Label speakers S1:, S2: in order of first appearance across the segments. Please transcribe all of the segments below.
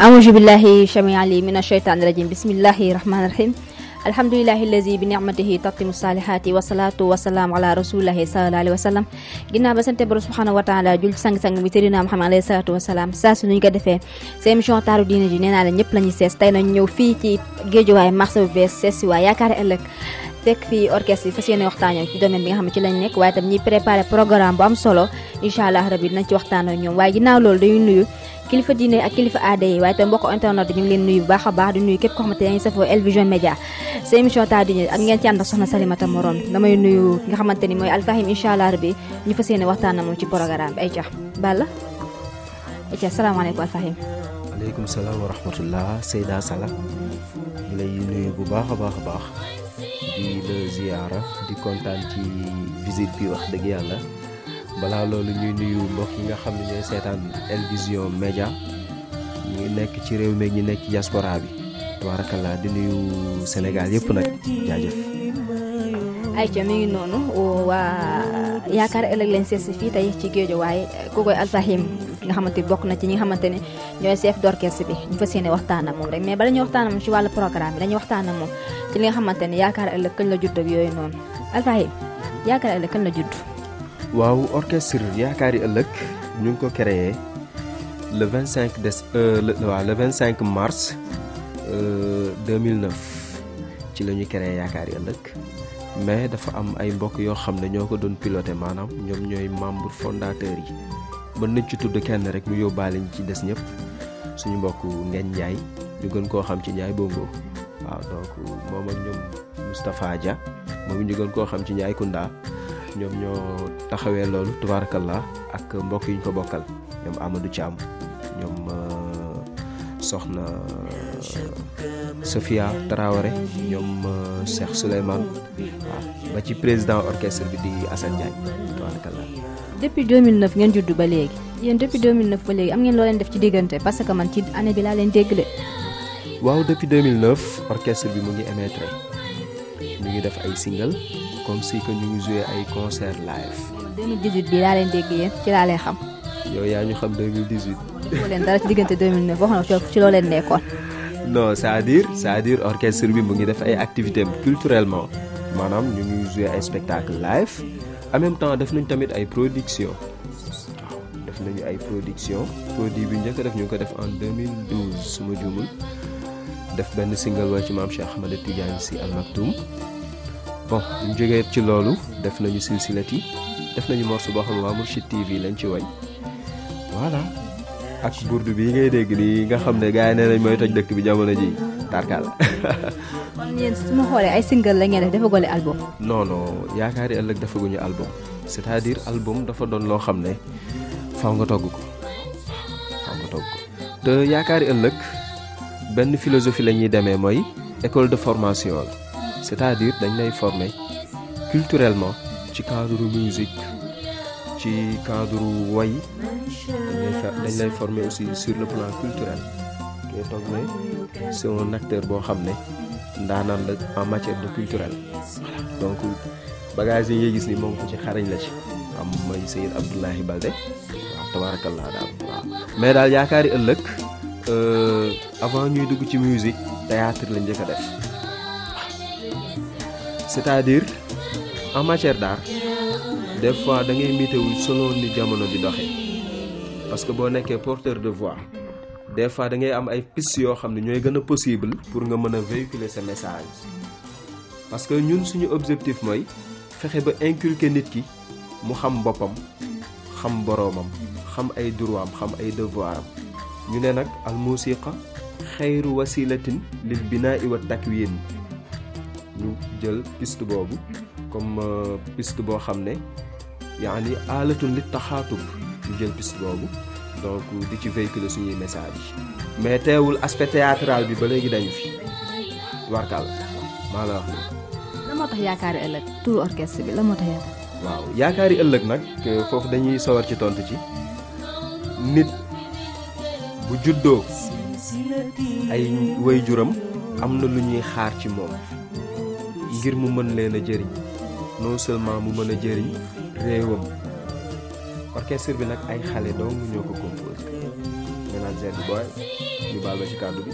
S1: أعوذ بالله شميع علي من الشيطان الرجيم بسم الله الرحمن الرحيم الحمد لله الذي بنعمته تتم الصالحات والصلاة والسلام على رسول الله صلى الله عليه وسلم جنا بسنت بر سبحانه وتعالى جل سانغ سانغ ميتيرنا محمد عليه الصلاة والسلام ساس نيغا ديفه سي ميشن تارو دين جي نينا لا نيب لا ني سيس تاي نيو في تي گيجو واي مارسو بيس سيس وا ياكار الك fekk fii orchestre yi fas yéene waxtaan ñoom ci domaine bi nga xam ne ci lañ nekk waaye tam ñuy préparé programme bu am solo incha allah rabi dinañ ci waxtaan ak ñoom waaye ginnaaw loolu dañuy nuyu kilifa diine ak kilifa aada yi waaye tam mbokk internet leen nuyu bu baax a baax di nuyu képp koo xamante ne sa émission ta diine ak ngeen ci ànd ak soxna Salimata Morom damay nuyu nga xamante ni mooy Alfahim incha allah rabi ñu fas yéene waxtaan moom ci programme bi ayca balla ayca salaamaaleykum Alfahim
S2: aleykum salaam wa rahmatullah Seyda Sala lay nuyu bu baax a baax a baax di la ziara di kontaan ci visite bi wax dëgg yàlla balaa loolu ñuy nuyu mbokk yi nga xam ne ñooy seetaan Elvision Média ñu nekk ci réew mi ñu nekk ci diaspora bi tabaarakallaa di nuyu Sénégal yëpp nag jaajëf.
S1: ayca mi ngi noonu waa yaakaar ëllëg lañ seet si fii tey ci géejo waaye ku koy alfahim nga xamante bokk na ci ñi nga xamante ne ñooy chef d'orchestre bi ñu fas yéene waxtaan ak moom rek mais bala ñuy waxtaan ak moom ci wàllu programme bi dañuy waxtaan moom ci li nga xamante ne yaakaar ëllëg kañ la judd ak yooyu noonu Alfayda yaakaar ëllëg kañ la judd.
S2: waaw orchestre yaakaari ëllëg ñu ngi ko créé le 25 des euh, le waaw le 25 mars 2009 euh, ci la ñu créé yaakaari ëllëg. mais dafa am ay mbokk yoo xam ne ñoo ko doon piloté maanaam ñoom ñooy membre fondateur yi mën nañ ci tudd kenn rek mu yóbbaale ñi ci des ñëpp suñu mbokk ngeen njaay ñu gën koo xam ci njaay bongo waaw donc moom ak ñoom Moustapha Dia moom ñu gën koo xam ci njaay kunda ñoom ñoo taxawee loolu tubarakallah ak mbokk yi ñu ko bokkal ñoom Amadou Thiam ñoom euh, soxna euh, Sofia Traoré ñom euh, Cheikh souleyman ba ci président orchestre bi di Assane Diagne tabarakallah
S1: depuis 2009 ngeen juddu ba légui yeen depuis 2009 ba légui am ngeen lo leen def ci digënté parce que man ci année bi la leen dégglé
S2: waaw depuis 2009 orchestre bi mu ngi émettre ñu ngi def ay single comme si que ñu ngi jouer ay concert live
S1: 2018 bi la leen dégg yeen ci la leen xam
S2: yow yaa ñu xam 2018.
S1: waxu leen dara ci diggante 2009 wax na ci loo leen nekkoon.
S2: non c'est-à-dire c'est-à-dire orchestre bi mu ngi def ay activités culturellement maanaam ñu ngi jouer ay spectacle live en même temps def nañ tamit ay production def nañu ay production produit bi njëkk def ñu ngi ko def en 2012 su ma juumul def benn single wa ci maam Cheikh Ahmed Tidiane Sy Al Maktoum bon ñu jógee ci loolu def nañu silsilati def nañu morceau boo xam ne waa Mourchid TV lañ ci way voilà ak bi bii ngay dégg nii nga xam ne gars yi nee nañ mooy toj dëkk bi jamono ji tarkaal.
S1: kon yéen su ma xoolee ay single la ngeen def dafa gole album.
S2: non non yaakaari ëllëg defaguñu album c'est-à-dire dafa doon loo xam ne faw nga togg ko faw nga ko te yaakaari ëllëg benn philosophie la ñuy demee mooy école de formation la dire dañ lay forme culturellement ci cadre musique ci cadre way dañ lay former aussi sur le plan culturel te donc c'est un acteur bo xamné ne la en matière de culturel donc bagage yi ngay gis ni mom ko ci xarañ la ci am may Seyid Abdoulahi Balde waaw tabaarakallaa daal waaw mais daal yaakaari euh, avant ñuy dugg ci musique théâtre lañ njëkk def c'est-à-dire en matière d'art des fois da ngay météo selon ni jamono di doxee parce que boo nekkee porteur de voix des fois da ngay am ay piste yoo xam ne ñooy gën a possible pour nga mën a véhiculer sa message parce que ñun suñu objectif mooy fexe ba inculquer nit ki mu xam boppam xam boroomam xam ay droitam xam ay devoiram ñu ne nag al musiqa xayru wasilatin lil binaa wa takwin ñu jël piste boobu comme euh, piste boo xam ne yaani alatun li taxaatub ñu jël piste boobu donc di ci véhiculer suñuy message mais teewul aspect théâtral bi ba léegi day fi warkal maa la wax
S1: la moo tax yaakaari ëllëg turu orchestre bi la moo tax yaakaar
S2: waaw yaakaari ëllëg nag foofu dañuy sawar ci tontu ci nit bu juddoo ay waajuram am na lu ñuy xaar ci moom ngir mu mën leen a jëriñ non seulement mu mën jëriñ réewam orchestre bi nag ay xale dong ñoo ko composé bi booyal ñu baal ma ci kàddu bi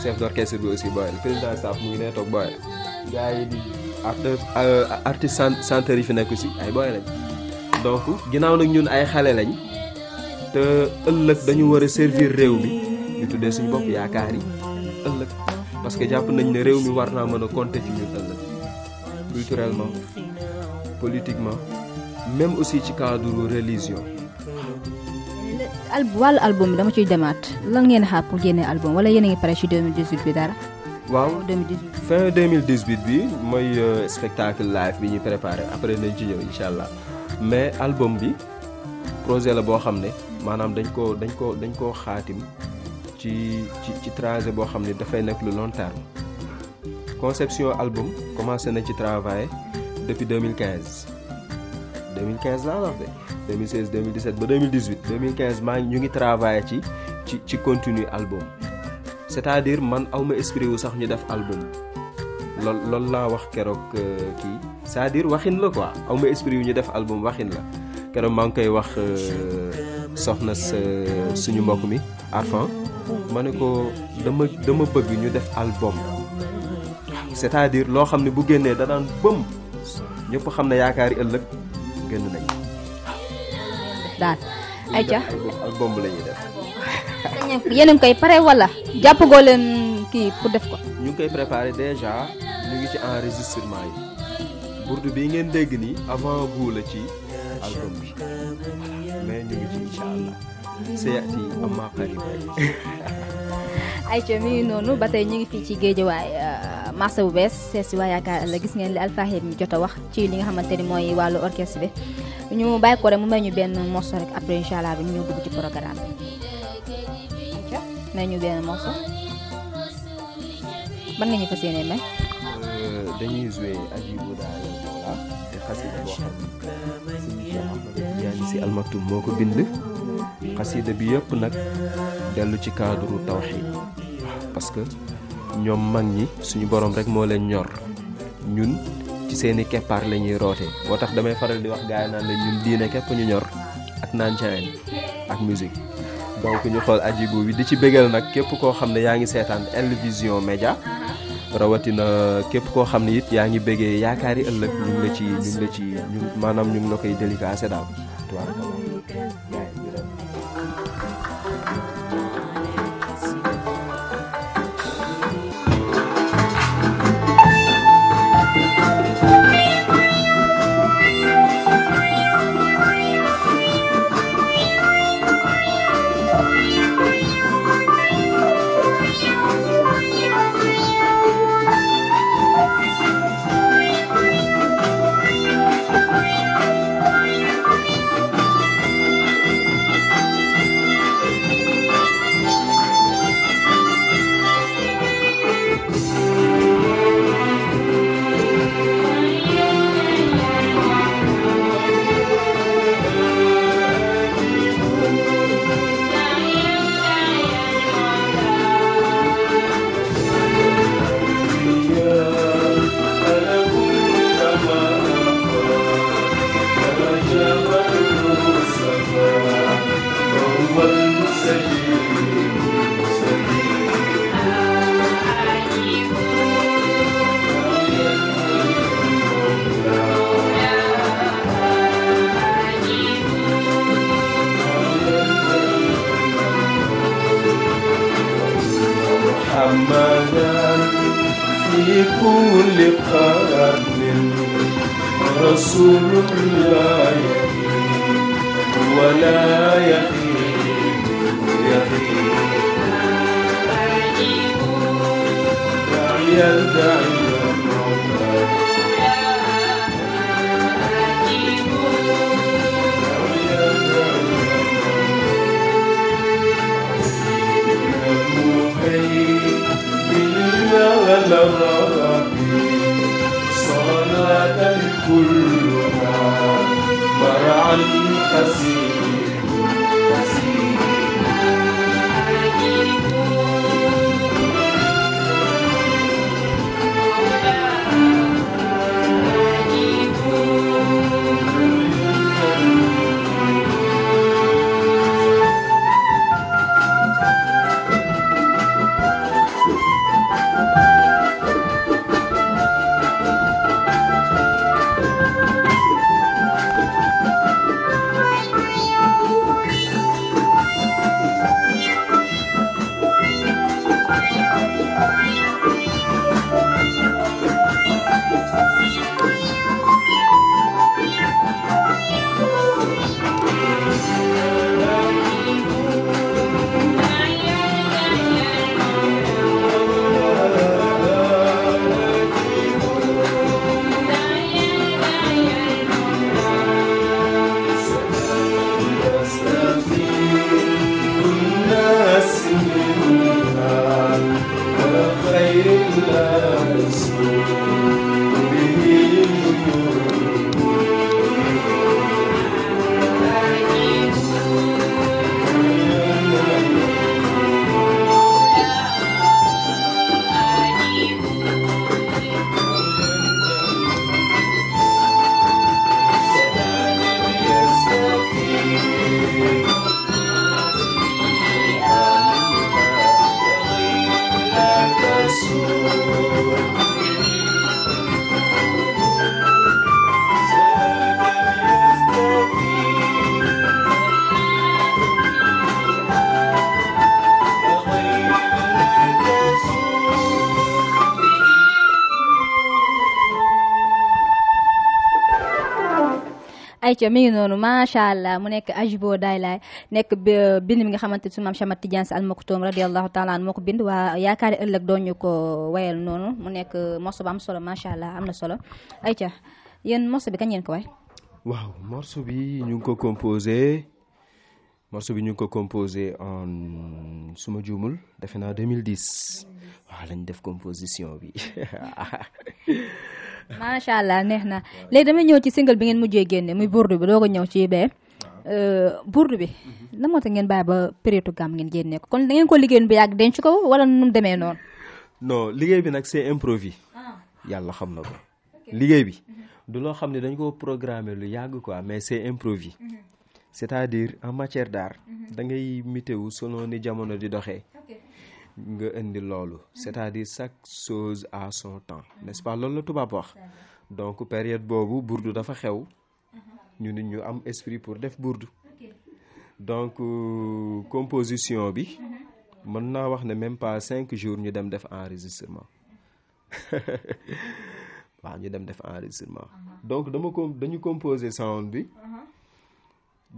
S2: chef d'orchestre bi aussi booyal président staff mu ngi nee toog booyal gars yi di euh, artiste chanteur yi fi nekk aussi ay booy lañ donc ginnaaw nag ñun ay xale lañ te ëllëg dañu war a servir réew mi ñu tuddee suñu bopp yaakaar yi ëllëg parce que jàpp nañ ne réew mi war naa mën a compter ci ñun ëllëg culturellement politiquement même aussi ci cadre religion.
S1: album dama lan pour album wala 2018 bi
S2: fin 2018 bi euh, spectacle live préparé après le mais album bi projet la boo ne dañ ko dañ ko dañ long terme conception album commencé à travailler depuis 2015. 2015 la wax de 2016 2017 ba 2018 2015 maa ñu ngi travailler ci ci ci continue album c'est-à-dire man awma esprit wu sax ñu def album lool loolu laa wax keroog euh, kii c'est-à-dire waxin la quoi awma esprit wu ñu def album waxin la keroog maa ngi koy wax euh, soxna sa suñu mbokk mi Arfan ma ne ko dama dama bëgg ñu def album c'est-à-dire loo xam ne bu génnee da daan bëm ñëpp xam ne yaakaari ëllëg génn nañ
S1: daal ayca
S2: album la ñuy def
S1: yéen koy pare wala jàpp leen kii pour def ko
S2: ñu ngi koy préparé déjà ñu ngi ci enregistrement yi burdu bii ngeen dégg nii avant goût la ci album bi mais ñu ngi ci incha allah seyaati amma qarib
S1: ay jëmi nonu batay ñi ngi fi ci way euh, marché bu bees sees si waa yaakaar la gis ngeen li alfahim ñu jot wax ci li nga xamanteni moy walu orchestre bi ñu bay ko rek mu may ñu benn morceau rek après inshallah bi ñu dugg ci programme bi may morceau ban nga ñu may
S2: euh, dañuy ajibu te bo xam ci bind xasida bi yëpp nag dellu ci cadre tawxiid parce que ñoom mag ñi suñu boroom rek moo leen ñor ñun ci seeni keppaar la ñuy roote moo tax damay faral di wax gaay naan la ñun diine képp ñu ñor ak naan caween ak musique donc ñu xool ajibu bi di ci bégal nag képp koo xam ne yaa ngi seetaan Elvision Média rawatina képp koo xam ne it yaa ngi béggee yaakaari ëllëg ñu la ci ñu ngi ci maanaam ñu la koy délicaté daal
S1: ci mi ngi ma sha allah mu nek ajbo day lay nek bind mi nga xamanteni su maam Chamat Tidiane Sy Al Maktoum radiallahu taala an bind wa yaakaari ëllëg doon ko wayal nonu mu nek morso bam solo ma sha allah amna solo ay ayca yéen morso bi kañ ngeen ko way
S2: waaw morso bi ñu ko composé morso bi ñu ko composé en suma juumul defena 2010 wa lañ def composition bi
S1: macha allah neex na léegi damay ñëw ci single bi ngeen mu jee génne muy burdu bi doo ko ñëw ci bee euh, burdu bi mhm. na moo tax ngeen bàyyi ba période gàmm ngeen génne ko kon da ngeen ko liggéeyoon bu yàgg denc ko wala demee noonu
S2: non liggéey bi nag c'est improvisé ah. yàlla xam na ko liggéey bi mhm. du loo xam ne dañ ko programmer lu yàgg quoi mais c'est improvisé mhm. cest à diir en matière daar da ngay météo selon ni jamono di doxee nga indi loolu c'est-à-dire chaque chose à son temps n'est-ce pas loolu la tubaab wax donc période boobu burdu dafa xew ñu nit ñu am esprit pour def burdu donc euh, composition bi mën naa wax ne même pas cinq jours ñu dem def enregistrement waaw ñu dem def enregistrement donc dama ko dañu composer sound bi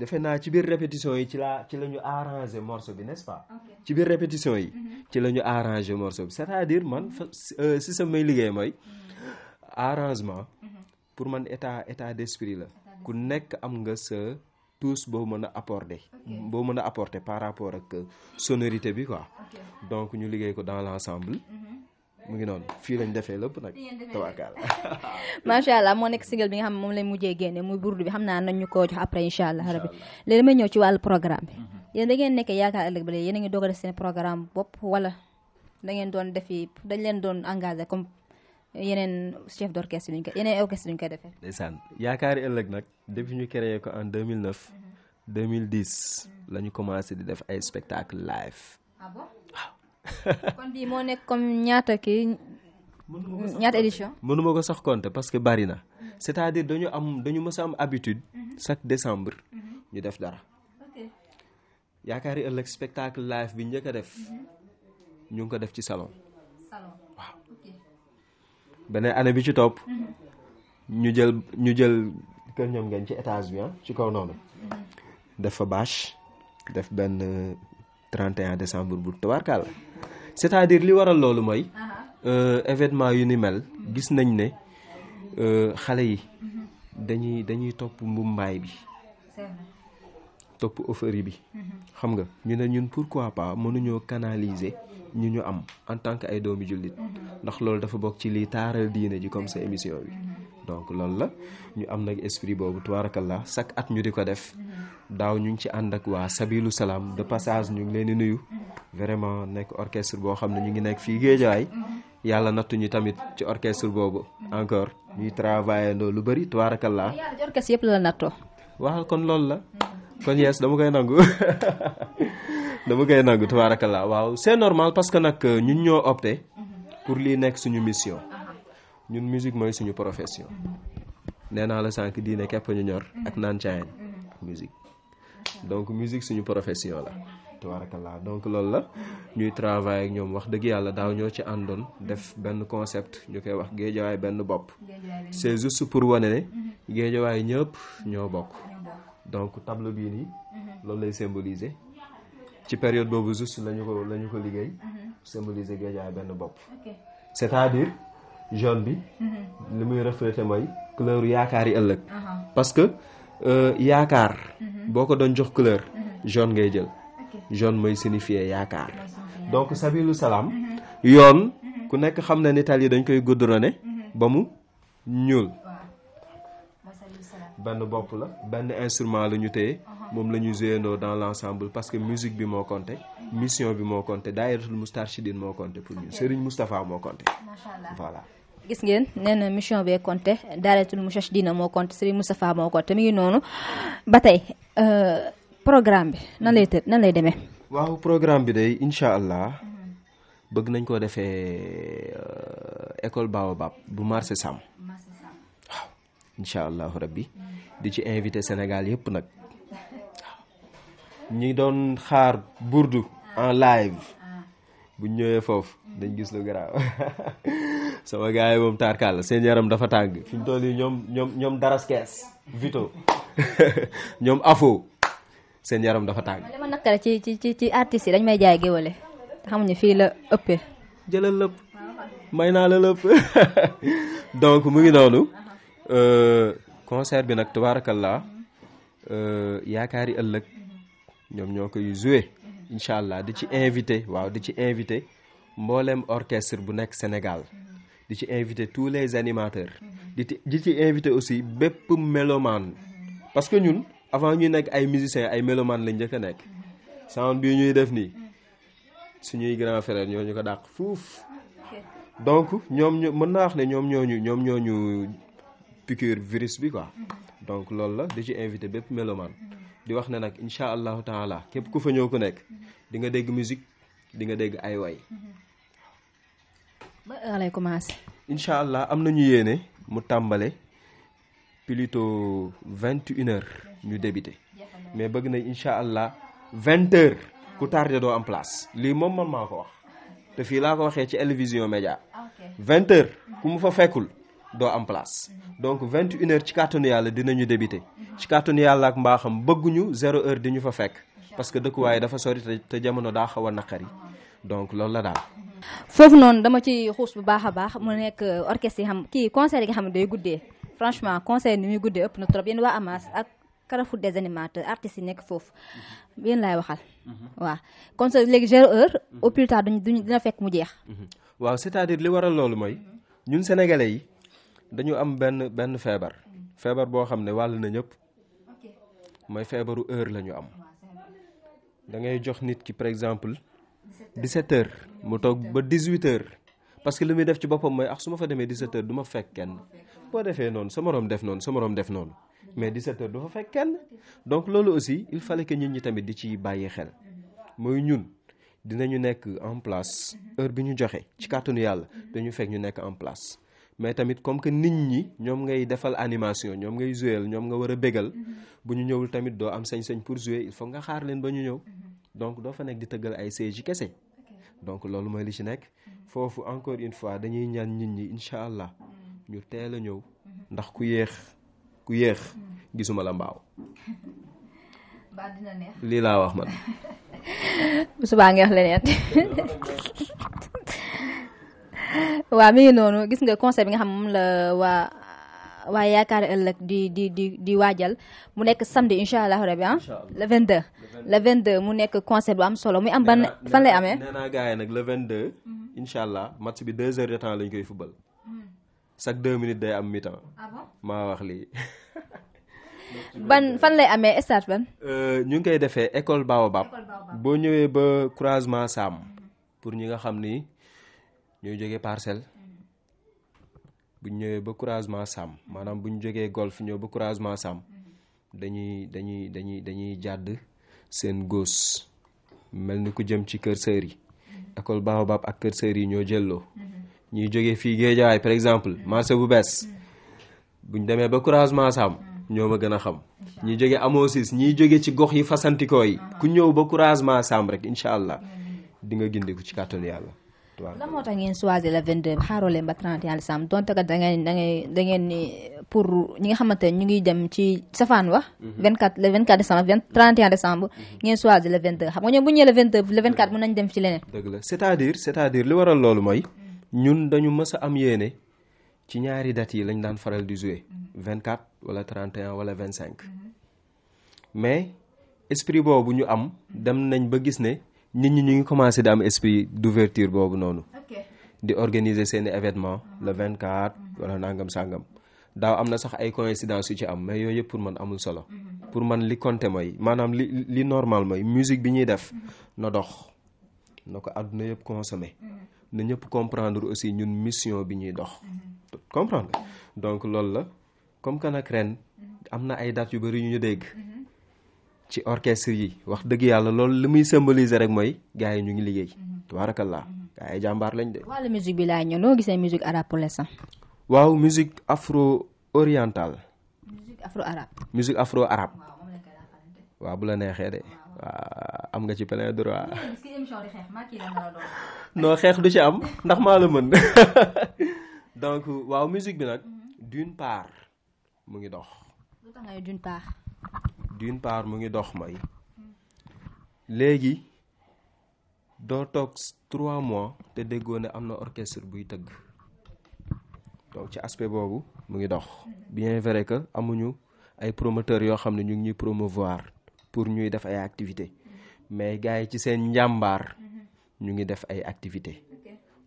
S2: defe naa ci biir répétition yi ci la ci lañu arrangé morceau bi n'est-ce pas ci biir répétition yi mm-hmm. ci lañu arranger arrangé morceau bi c'est-à-dire man euh, si samay liggéey mooy mm-hmm. arrangement mm-hmm. pour man état état d'esprit la ku nekk am nga sa tous boo mën a apporter boo mën apporter par rapport ak sonorité bi quoi donc ñu liggéey ko dans l'ensemble mu ngi noonu fii lañ defee lépp nag
S1: tabaarkalla moo nekk single bi nga xam moom lañ mujjee jox après incha allah rabbi léegi damay ñëw ci wàllu programme bi mhm. yéen da ngeen nekkee yaakaar ëllëg ba léegi yéen a ngi doog a doon def comme yeneen chef d' orchestre ko yeneen orchestre duñ koy defee
S2: yaakaari ëllëg nag depuis ñu créé ko en 2009 2010 mhm. mhm. la di def ay spectacle live ah
S1: kon moo nekk comme ñaata kii ñaata édition.
S2: mënuma ko sax compter parce que bari na c'est-à-dire dañu am dañu mës am habitude. Mhm. chaque décembre. Mhm. ñu def dara. yaakaar yi ëllëg spectacle live bi njëkk a def mhm. ñu ngi ko def ci salon. beneen année bi ci topp. ñu jël ñu jël kër ñoom ngeen ci étage bi ah, ci kaw noonu. def fa bâche def benn 31 décembre bu tabarkaal la c'est-à-dire li waral loolu mooy euh, événement yu ni mel gis nañ ne euh, xale yi dañuy dañuy topp mbumbaay bi topp euphorie bi mhm. xam nga ñu ne ñun pour quoi pas mënuñoo canaliser ñu ñu am en tant que ay doomi julit ndax loolu dafa bokk ci li taaral diine ji comme sa émission bi donc loolu la ñu am nag esprit boobu tabarakallah chaque at ñu di ko def daaw ñu ngi ci ànd ak waa sabilu salaam de passage ñu ngi leen di nuyu vraiment nekk orchestre boo xam ne ñu ngi nekk fii géejaay yàlla nattu ñu tamit ci orchestre boobu encore ñuy travailler ndoo lu bëri tabarakallah
S1: orchestre yëpp la
S2: waaw kon loolu la kon yes dama koy nangu c'est normal parce que nag euh, ñun ñoo opté pour li suñu mission ñun musique mooy suñu profession nee naa la sànq diine képp ñu ñor ak naan musique donc musique suñu profession la donc loolu la ñuy travail ak ñoom wax dëgg yàlla daaw ñoo ci concept ñu wax c'est juste pour ne ñëpp donc tableau bii nii loolu symboliser ci période boobu juste lañu ko lañu ko liggéey mhm. symboliser Guédiawaye benn bopp c'est-à-dire jaune bi mhm. li muy refléter mooy couleur yaakaar yi ëllëg parce que euh, yaakaar mhm. boo ko doon jox couleur jaune ngay jël jaune mooy signifier yaakaar donc sabilu salaam yoon ku nekk xam na ni tali dañ koy goudronné ba mu ñuul benn bopp la benn instrument la ñu téye mom la ñu dans l'ensemble parce que musique bi mo compté mission bi mo compté daayiratul Moustarchidine mo compté pour nous, Serigne Moustapha moo compté voilà
S1: gis ngeen nee na mission bee compté daayiratul d'Ina moo compté Serigne Moustapha moo compté mi ngi noonu ba tey euh, programme bi nan lay tëdd nan lay demee
S2: waaw programme bi day incha allah bëgg nañ ko defee euh, école Baobab bu marché Sam
S1: waaw
S2: incha allahu rabbi di ci invité Sénégal yëpp nag ñi doon xaar burdu en live ah. buñ ñëwee foofu dañ gis lu garaaw sama gars yi moom tarkal seen yaram dafa tàgg fi ñu toll ñoom ñoom ñoom daraskees vito ñoom afo seen yaram dafa tàng.
S1: dama nakkale ci ci ci ci artistes yi dañ may jaay géwale xamuñu fii la ëppee.
S2: jëlal lëpp may naa la lëpp donc mu ngi noonu euh, concert bi nag tubaarakallah euh, yaakaari ëllëg. Nous ñokay jouer joué di ci invité waaw di ci invité mbollem orchestre bu Sénégal di ci invité tous les animateurs di ci invité aussi bép méloman parce que nous, avant ñuy nek ay musiciens ay que nous. avons nek bi ñuy def nous suñuy grand frère ñoo ñu donc ñom ñu nous wax né ñom ñoñu ñom virus bi quoi donc lool la di ci invité bép méloman di wax ne nag incha allahu taala képp ku fa ñëw ku nekk di nga dégg musique di nga dégg ay way
S1: ba heure lay commencé.
S2: incha allah am ñu yéene mu tàmbale plutôt vingt une heures ñu débuté mais bëgg nañ incha allah vingt heures ku tardé doo am place lii moom man maa ko wax te fii laa ko waxee ci télévision média vingt heures ku mu fa fekkul doo am place donc vingt une heures ci kàttanu yàlla dinañu débuté. ci kàttanu yàlla ak mbaaxam bëgguñu zéro heure di ñu fa fekk parce que dëkkuwaay dafa sori te jamono daa xaw a naqari donc loolu la daal.
S1: foofu noonu dama ci xuus bu baax a baax mu nekk orchestre yi xam kii concert yi nga xam ne day guddee franchement concert ni muy guddee ëpp na trop yéen waa Amas ak Carrefour des animateurs artistes yi nekk foofu mhm. yéen laay waxal. Mhm. waaw concert léegi zéro heure. au plus tard duñ duñ dina fekk mu jeex. Mhm.
S2: waaw cest li waral loolu mooy ñun sénégalais yi dañu am benn benn feebar. feebar boo xam ne wàll na ñëpp moy feebaru heure lañu am da ngay jox nit ki par exemple 17 h mu tok ba 18 h parce que li muy def ci bopam moy ax ah, suma fa demee 17 h duma ma fekk kenn boo defee noonu sa morom def non sa morom def non mais 17 h du fa fekk kenn donc lolu aussi il fallait que nit ñi tamit di ci bàyyi xel moy ñun dinañu nekk en place heure bi ñu joxé ci kàttanu yalla dañu fekk ñu nekk en place. mais tamit comme que nit ñi ñoom ngay defal animation ñoom ngay jouer ñoom nga war a bégal mhm. bu ñu ñëwul tamit doo am sañ-sañ pour jouer il faut nga xaar leen ba ñu ñëw mhm. donc doo fa nekk di tëggal ay siège kese donc loolu mooy li ci nekk mhm. foofu encore une fois dañuy ñaan ñit ñi incha allah ñu teel a ñëw ndax ku yéex ku yéex gisuma la mbaaw. lii laa wax man.
S1: bu subaa nga leneen waaw mi ngi noonu gis nga conseil bi nga xam moom la waa waa yaakaar ëllëg di di di di waajal mu nekk samedi incha allah rabi ah. le 22. le 22 mu nekk conseil bu am solo muy am ban fan lay amee.
S2: nee nag le 22. Mhm. incha allah match bi 2 heures de temps koy fubal. Mhm. chaque 2 minutes day am mi-temps. Ah maa wax lii.
S1: ban fan lay amee stade ban.
S2: Euh, ñu ngi koy defee école Baobab. boo ñëwee ba croisement Sam mhm. pour ñi nga xam ni. ñooy jógee parcelle bu ñu ñëwee ba couragement sàmm maanaam bu ñu jógee golf ñëw ba couragement sàmm dañuy dañuy dañuy dañuy jàdd seen góos mel ni ku jëm ci kër sër yi école Baobab ak kër sër yi ñoo jëlloo ñuy jógee fii Géejawaay par exemple marché bu bees bu ñu demee ba couragement sàmm ñoo ma gën a xam ñi jóge amosis ñuy jóge ci gox yi fasantikoo yi ku ñëw ba couragement sàmm rek incha allah di gindiku ci kàttanu yàlla waaw
S1: lan moo tax ngeen choisir le 22 xaaroo leen ba 31 donte que da ngeen da ngeen da ngeen ni pour ñi nga xamante ne ngi dem ci safaan wax. 24 mhm. le 24 décembre 20 31 décembre. Mhm. xam nga ñoom bu ñu ñëwee le 22 le 24 mën nañ dem ci leneen.
S2: dëgg la li waral loolu mooy. ñun dañu mës a am yéene ci ñaari dates yi lañ daan faral di jouer. 24 mhm. wala 31 wala 25. mais esprit boobu ñu am dem nañ ba gis ne. nit ñi ñu ngi commencé di am esprit d'ouverture boobu nous. di organiser événements le 24 wala nangam sangam daaw am sax ay coïncidence ci am mais pour man amul solo mhm. pour man li compté li normal musique bi ñuy def mhm. na dox na consommer mhm. na comprendre aussi ñun mission bi ñuy comprendre donc la comme que nag ren am na ay dates ci orchestre yi wax dëgg yàlla lool li muy symboliser rek mooy gars yi ñu ngi liggéey mhm. tabaarakallaa mhm. gars yi jàmbaar lañ de.
S1: wàllu musique bi laa ñëw noo gisee musique arabe pour l'instant.
S2: waaw musique afro orientale.
S1: musique afro arabe.
S2: musique bu la neexee de waaw am nga ci plein droit. non xeex du ci am ndax maa la mën donc waaw musique bi nag mhm. d'une part mu ngi dox. d'une part mu ngi dox may léegi doo toog trois mois te déggoo ne am na orchestre buy tëgg donc ci aspect boobu mu ngi dox bien vrai que amuñu ay promoteur yoo xam ne ñu ngi ñuy promouvoir pour ñuy def ay activités mais gars yi ci seen njàmbaar ñu ngi def ay activités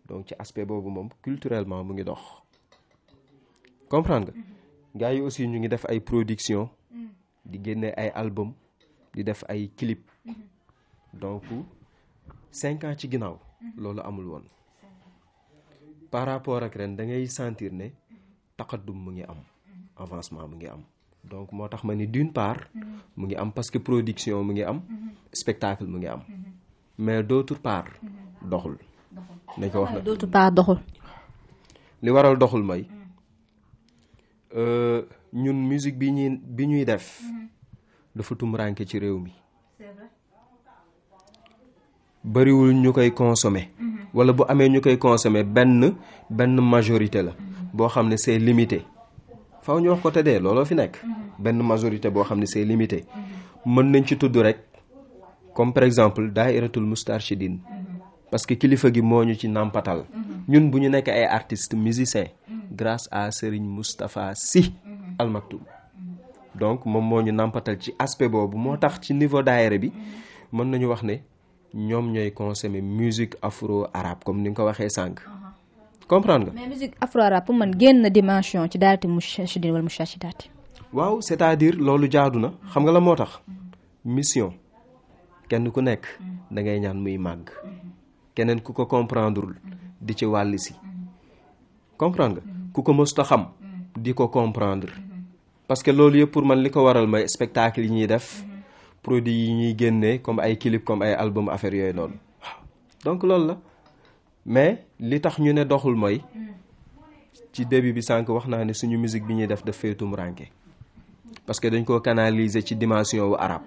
S2: donc ci aspect boobu moom culturellement mu ngi dox comprendre nga mhm. gars yi aussi ñu ngi def ay production di génne ay album di def ay clip donc cinq ans ci ginnaaw loolu amul woon par rapport ak ren da ngay sentir ne taqaddum mu ngi am avancement mu ngi am donc moo tax ma ni d'une part mu ngi am parce que production mu ngi am spectacle mu ngi am mais d'autre part doxul nañ ko wax na
S1: d'autre doxul
S2: li waral doxul mooy Euh, ñun musique bi ñuy bi ñuy def mm-hmm. dafa tumuraanke ci réew mi bariwul ñu koy consommer mm-hmm. wala bu amee ñu koy consommer benn benn majorité la mm-hmm. boo xam ne c'est limité faw ñu wax ko te dee looloo fi nekk benn majorité boo xam ne c'est limité mën nañ ci tudd rek comme par exemple daayiratul mustarchidine parce que kilifa gi moñu ci nampatal mhm. ñun sommes artistes musiciens mhm. grâce à Serigne Moustapha si mhm. Al donc ci aspect bobu motax ci niveau bi nañu wax musique afro arabe comme nous uh-huh. comprendre
S1: musique afro arabe man dimension ci
S2: c'est-à-dire xam mission kenn ku nek da ngay ñaan keneen ku ko comprendreul mm-hmm. di ci wàll si mm-hmm. comprendre nga mm-hmm. ku ko mësta xam di ko comprendre parce que loolu yëpp pour man li ko waral mooy spectacle yi ñuy def produit yi ñuy génnee comme ay clip comme ay album affaire yooyu noonu donc loolu la mais li tax ñu ne doxul mooy ci début bi sànq wax naa ne suñu musique bi ñuy def daf féetum ranke parce que dañ koo canaliser ci dimension wu arab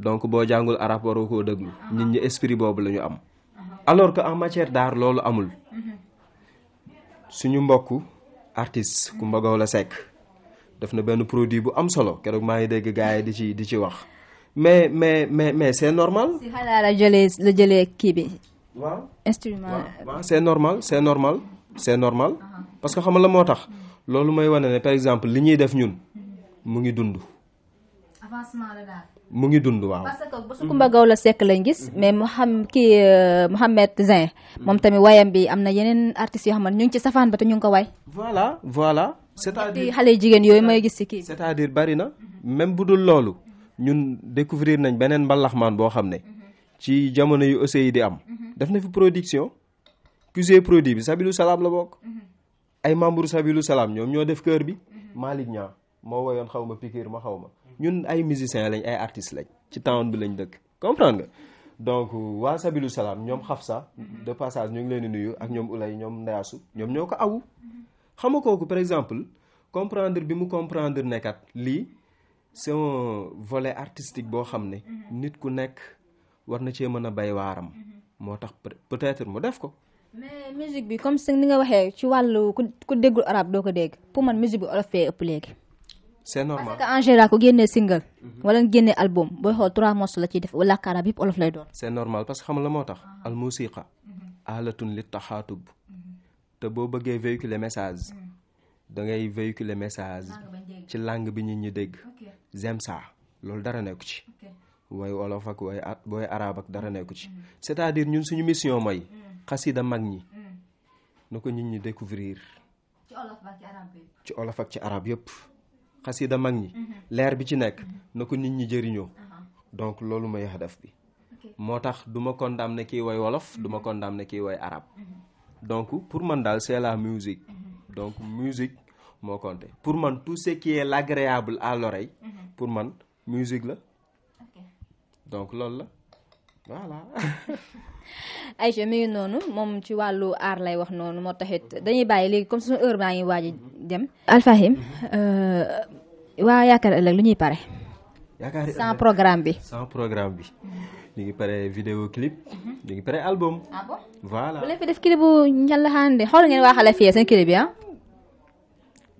S2: donc boo jàngul arab waroo koo déglu ah. nit ñi esprit boobu la ñu am alors que en matière daar loolu amul suñu mbokk artiste Coumba la Seck def na benn produit bu am solo keroog maa ngi dégg gars yi di ci di ci wax mais mais mais mais c'est normal.
S1: si xalaat jëlee kii bi. waaw instrument waaw
S2: c'est normal c'est normal c'est normal parce que xamala moo tax loolu may wane ne par exemple li ñuy def ñun mu ngi dund. mu ngi dund waaw. parce que
S1: Boussoukoumba mm-hmm. Gawlo Seck lañ gis mm-hmm. mais mu xam kii euh, Mouhamed mm-hmm. moom tamit wayam bi am na yeneen artistes yoo xam ñu ngi ci safaan ba te ñu ngi ko way.
S2: voilà voilà. c'est-à-dire xale
S1: jigéen yooyu may gis ci kii.
S2: c'est-à-dire na même bu dul loolu ñun découvrir nañ beneen mbalaxmaan boo xam ne ci jamono yu ose yi di am. def na fi production. QG produit bi Sabilu Salaam la bokk. ay membres Sabilu Salaam ñoom ñoo def kër bi. Malick Niang moo woyoon xaw ma pikiir ma xaw ma. ñun ay musiciens lañ ay artistes lañ ci town bi lañ dëkk comprendre nga donc wa sabilu salam ñom xafsa mm-hmm. de passage ñu ngi leen nuyu ak ñom ulay ñom ndayasu ñom ñoko awu mm-hmm. xam nga kooku par exemple comprendre bi mu comprendre nekkat li c'est un volet artistique bo xam mm-hmm. nit ku nek war na ci mëna bay waram motax peut-être mu def ko
S1: mais musique bi comme ni nga waxé ci walu ku déggul arab doo ko dégg pour man musique bi olof fee ëpp légui c'est normal parce que Angèle ko single. Mhm. wala nga génnee album booy xool trois morceaux la ciy def wala kaaraab yëpp olof lay doon.
S2: c'est normal parce que xam la moo tax. Ah. al musiqa mhm. li taxaatub mhm. te boo bëggee véhiculer message da ngay véhiculer message ci langue bi nit ñi dégg. j'aime ça loolu dara nekku ci. way olof ak way at way arabe ak dara nekku ci. c'est-à-dire ñun suñu mission mooy. xasida mag ñi. na ko nit ñi découvrir. ci olof ak ci arabe yëpp. xasida mag ñi mhm. bi ci nekk mhm. nit ñi donc loolu bi condamné wolof du mhm. donc pour man c'est la musique donc musique pour man tout ce qui est agréable à l'oreille pour man musique la donc loolu la voilà.
S1: Aïcha mi ngi noonu moom ci wàllu aar lay wax noonu moo taxit dañuy bàyyi léegi comme suñu heure baa ngi waaj mhm. dem dem. Mhm. Alfahim euh, waa yaakaar ëllëg lu ñuy pare. yaakaar sans programme bi.
S2: sans programme bi mhm. ñu ngi pare vidéo clip. ñu ngi pare album. ah bon voilà bu leen fi def
S1: clip bu njàllaxaande xool ngeen waa xale fii seen clip bi ah.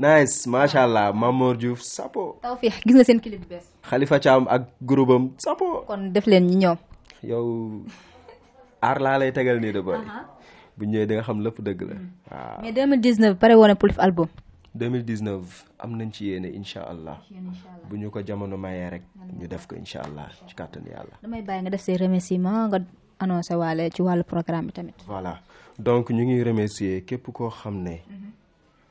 S2: nice macha allah Mamor Diouf Sapo.
S1: taw fii gis nga seen clip bi bees.
S2: Khalifa Thiam ak groupe am
S1: Sapo. kon def leen ñi ñoom.
S2: yow aar laa lay tegal nii de booy. Uh-huh. bu ñëwee di xam lépp dëgg la mm. waaw.
S1: mais 2019 pare woon na Pulif album.
S2: am nañ ci yéene incha allah bu ñu ko jamono mayee rek ñu def ko incha allah ci kàttan yàlla.
S1: damay bàyyi nga def say remerciement nga annoncé waale ci wàllu programme bi
S2: donc ñu ngi remercier képp koo xam ne. Mm-hmm.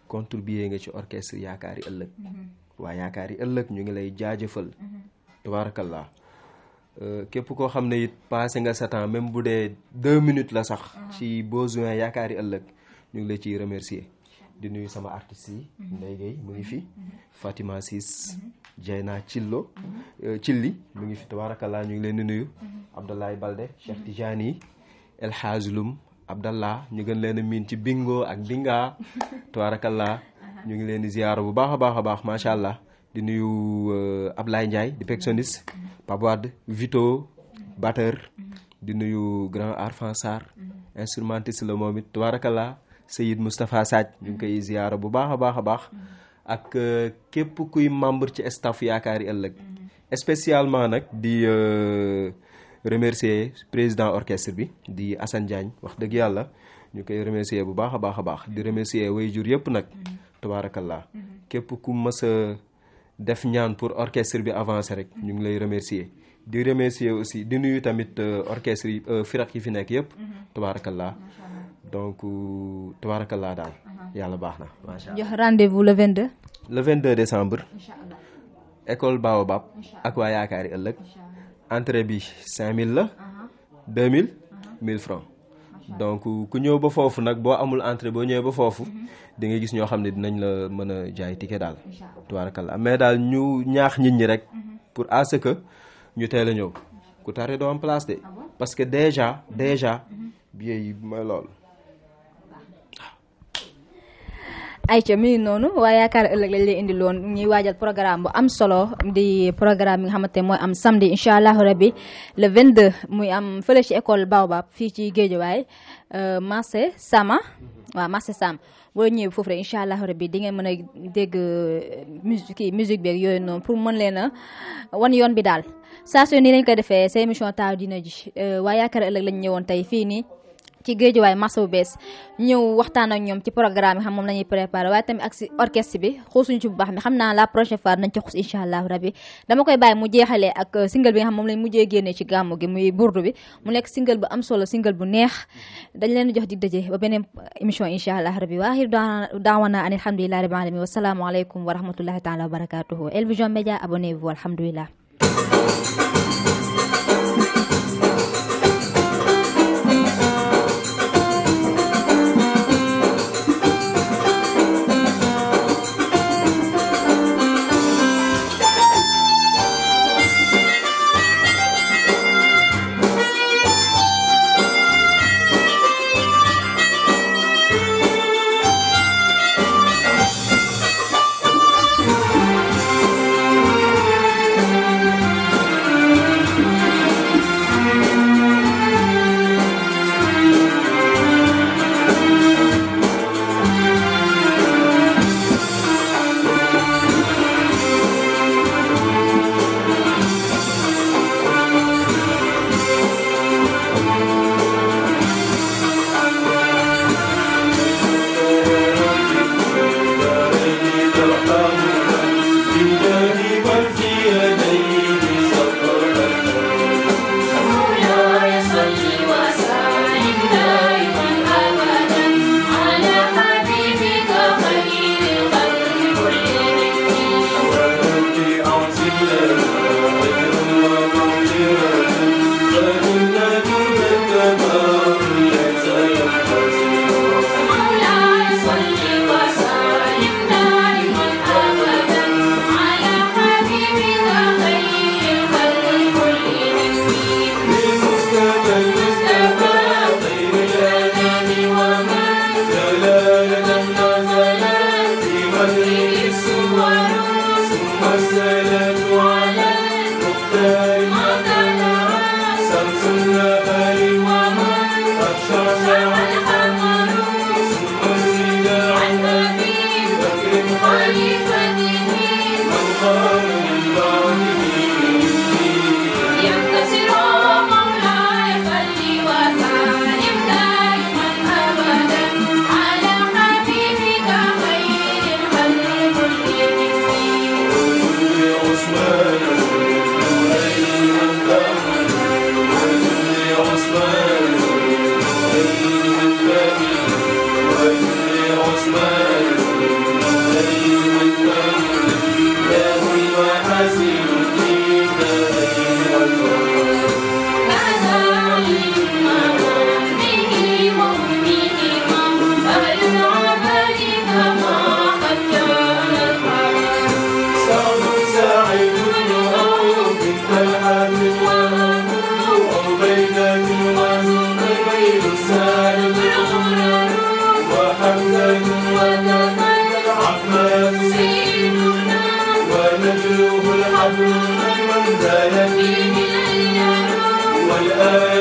S2: contribuer nga ci orchestre yaakaari ëllëg. Mm-hmm. waa yaakaari ëllëg ñu ngi lay jaajëfal. Mm-hmm. tabarakallah Euh, képp koo xam ne it passé nga sa temps même bu dee deux minutes la sax mm-hmm. ci besoin yaakaari ëllëg ñu ngi la ciy remercier di nuyu sama artistes yi mm-hmm. Ndeye Gueye mu ngi fi mm-hmm. Fatima Ciss Dieyna Cillo euh, Cilli mu ngi fi tabaarakallaa ñu ngi leen di nuyu Abdoulaye Balde Cheikh Tidiane yi El Hadj Loum Abdallah ñu gën leen a miin ci bingo ak dinga tabaarakallaa uh-huh. ñu ngi leen di ziyaara bu baax a baax a baax macha allah di nuyu euh, Ablaye Ndiaye di percussionniste mm-hmm. Pape Wade Vito batteur mm-hmm. di nuyu grand Arfan Sarr mm-hmm. instrumentiste la moom it tabarakallah Seyid Moustapha Sadj ñu ngi koy ziyaara bu baax a baax a baax ak euh, képp kuy membre ci staff yaakaari ëllëg spécialement nag di euh, remercier président orchestre bi di Assane wax dëgg yàlla ñu koy remercier bu baax a baax a baax di remercier way jur yëpp nag tabarakallah képp ku mës def ñaan pour orchestre bi avancer rek ñu ngi lay remercier di remercier aussi di nuyu tamit euh, orchestre yi euh, firaq yi fi nekk yépp mhm. tabarakallah donc euh, tabarakallah daal. Mhm. yàlla baax na jox
S1: rendez-vous le 22.
S2: le 22 décembre. école Baobab ak waa yaakaari ëllëg. entrée bi 5000 la. 2000 mhm. 1000 francs. donc ku ñëw ba foofu nag boo amul entrée boo ñëwee ba foofu mhm. di nga gis ñoo xam ne dinañ la mën a jaay ticket daal tubaarkalla mais daal ñu ñaax nit ñi rek mhm. pour à ce que ñu teel a ñëw ku tare doo am place de ah parce que déjà mhm. déjà billet yi mooy loolu
S1: ayca mi ngi noonu waaye yaakaar ëllëg lañ lay indi loon ñuy waajal programme bu am solo di programme bi nga xamante mooy am samedi incha allahu rabbi le 22 muy am fële ci école Baobab fii ci Géejawaay euh, marché Sama mhm. waa marché Sam boo ñëwee foofu rek incha allahu rabbi di ngeen mën a dégg euh, musique musique beeg yooyu noonu pour mën leen a wan yoon bi daal saa su nii lañ ko defee sa émission taaru diine ji euh, waa yaakaar ëllëg lañ ñëwoon tey fii nii. ci géejuwaay masawu bees ñëw waxtaan ak ñoom ci programme yi xam moom la ñuy préparé waaye tamit ak si orchestre bi xuusuñu ci bu bax mi xam naa la prochaine fois nañ ci xuus incha allahu rabi dama koy bàyyi mu jeexalee ak uh, single bi nga xam moom lañ mujjee génnee ci gàmmu gi muy burdu bi mu nekk single bu am solo single bu neex dañ leen jox dig daje ba beneen émission incha allahu rabi waaxir daawana an alhamdulilahi rabbil alamin wasalaamualeykum wa rahmatullahi taala wa barakatuhu El Vision Médias abonnez-vous alhamdulilah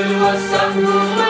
S3: Senhor, salvo